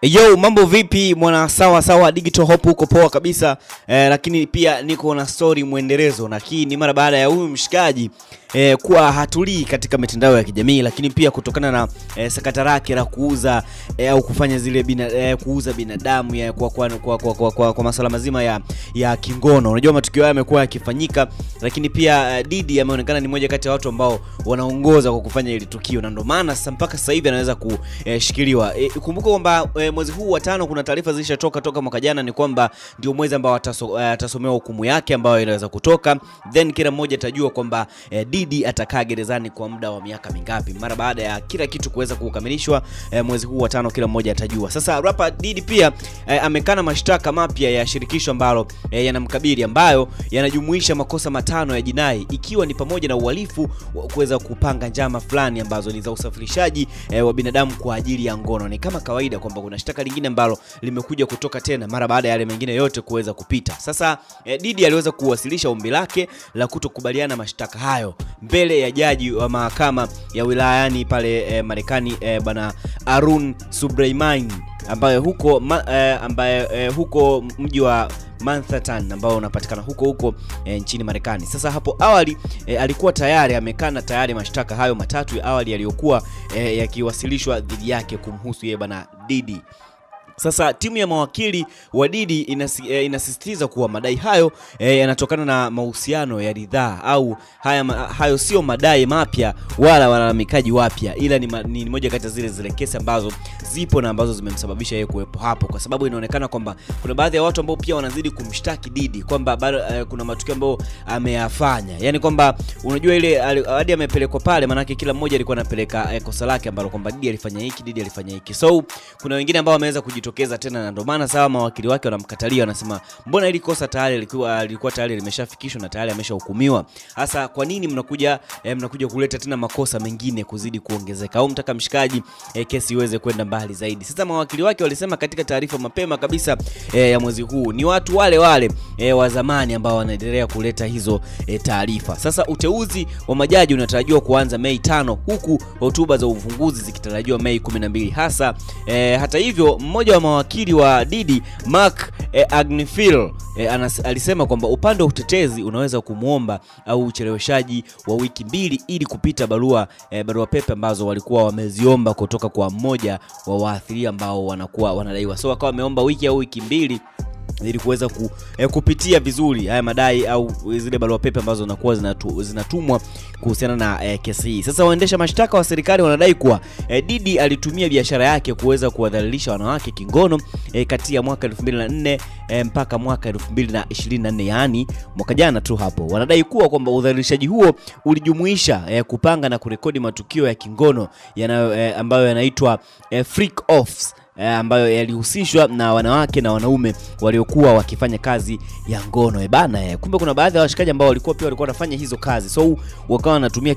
Eh, yo, mambo vipi mwana sawa sawa digital hope huko poa kabisa eh, lakini pia niko na story mwendelezo na hii ni mara baada ya huyu mshikaji e, kuwa hatulii katika mitandao ya kijamii, lakini pia kutokana na e, sakata lake la kuuza e, au kufanya zile bina, e, kuuza binadamu ya, kwa, kwa, kwa, kwa, kwa, kwa, kwa masuala mazima ya, ya kingono. Unajua matukio haya yamekuwa yakifanyika, lakini pia Didi ameonekana ni moja kati ya watu ambao wanaongoza kwa kufanya hili tukio, na ndio maana sasa mpaka sasa hivi anaweza kushikiliwa. E, kumbuka kwamba e, mwezi huu wa tano kuna taarifa zilishatoka toka mwaka jana ni kwamba ndio mwezi ambao atasomewa hukumu yake ambayo inaweza kutoka then kila mmoja atajua kwamba eh, Didi atakaa gerezani kwa muda wa miaka mingapi mara baada ya kila kitu kuweza kukamilishwa eh, mwezi huu wa tano kila mmoja atajua. Sasa rapa Didi pia eh, amekana mashtaka mapya ya shirikisho ambalo eh, yanamkabili ambayo yanajumuisha makosa matano ya jinai ikiwa ni pamoja na uhalifu wa kuweza kupanga njama fulani ambazo ni za usafirishaji eh, wa binadamu kwa ajili ya ngono. Ni kama kawaida kwamba kuna shtaka lingine ambalo limekuja kutoka tena mara baada ya yale mengine yote kuweza kupita. Sasa eh, Didi aliweza kuwasilisha ombi lake la kutokubaliana mashtaka hayo mbele ya jaji wa mahakama ya wilayani pale e, Marekani e, bwana Arun Subramanian ambaye huko ma, e, ambaye e, huko mji wa Manhattan ambao unapatikana huko huko e, nchini Marekani. Sasa hapo awali e, alikuwa tayari amekana tayari mashtaka hayo matatu ya awali yaliyokuwa e, yakiwasilishwa dhidi yake kumhusu yeye bana Diddy sasa timu ya mawakili wa Diddy inasi, eh, inasisitiza kuwa madai hayo eh, yanatokana na mahusiano ya ridhaa au haya, hayo sio madai mapya wala walalamikaji wapya, ila ni, ma, ni moja kati ya zile zile kesi ambazo zipo na ambazo zimemsababisha yeye kuwepo hapo, kwa sababu inaonekana kwamba kuna baadhi ya watu ambao pia wanazidi kumshtaki Diddy kwamba eh, kuna matukio ambayo ameyafanya, yani kwamba unajua ile hadi amepelekwa pale, maanake kila mmoja alikuwa anapeleka eh, kosa lake ambalo kwamba Diddy alifanya hiki, Diddy alifanya hiki, so kuna wengine ambao wameweza kujitoa kujitokeza tena, na ndio maana sawa mawakili wake wanamkatalia, wanasema mbona ili kosa tayari lilikuwa lilikuwa tayari limeshafikishwa na tayari ameshahukumiwa. Hasa kwa nini mnakuja eh, mnakuja kuleta tena makosa mengine kuzidi kuongezeka, au mtaka mshikaji eh, kesi iweze kwenda mbali zaidi? Sasa mawakili wake walisema katika taarifa mapema kabisa eh, ya mwezi huu ni watu wale wale eh, wa zamani ambao wanaendelea kuleta hizo eh, taarifa. Sasa uteuzi wa majaji unatarajiwa kuanza Mei tano huku hotuba za ufunguzi zikitarajiwa Mei 12 hasa eh, hata hivyo mmoja wa mawakili wa didi Mark E, Agnifil e, anas, alisema kwamba upande wa utetezi unaweza kumwomba au ucheleweshaji wa wiki mbili ili kupita barua e, barua pepe ambazo walikuwa wameziomba kutoka kwa mmoja wa waathiria ambao wanakuwa wanadaiwa, so akawa ameomba wiki au wiki mbili ili kuweza ku, eh, kupitia vizuri haya madai au zile barua pepe ambazo zinakuwa zinatu, zinatumwa kuhusiana na eh, kesi hii. Sasa waendesha mashtaka wa serikali wanadai kuwa eh, Diddy alitumia biashara yake kuweza kuwadhalilisha wanawake kingono eh, kati ya mwaka 2004 eh, mpaka mwaka 2024, yaani mwaka jana tu hapo. Wanadai kuwa kwamba udhalilishaji huo ulijumuisha eh, kupanga na kurekodi matukio ya kingono yanayo, eh, ambayo yanaitwa eh, freak offs Eh, ambayo yalihusishwa na wanawake na wanaume waliokuwa wakifanya kazi ya ngono. E bana, eh, kumbe kuna baadhi ya washikaji ambao walikuwa pia walikuwa wanafanya hizo kazi, so wakawa wanatumia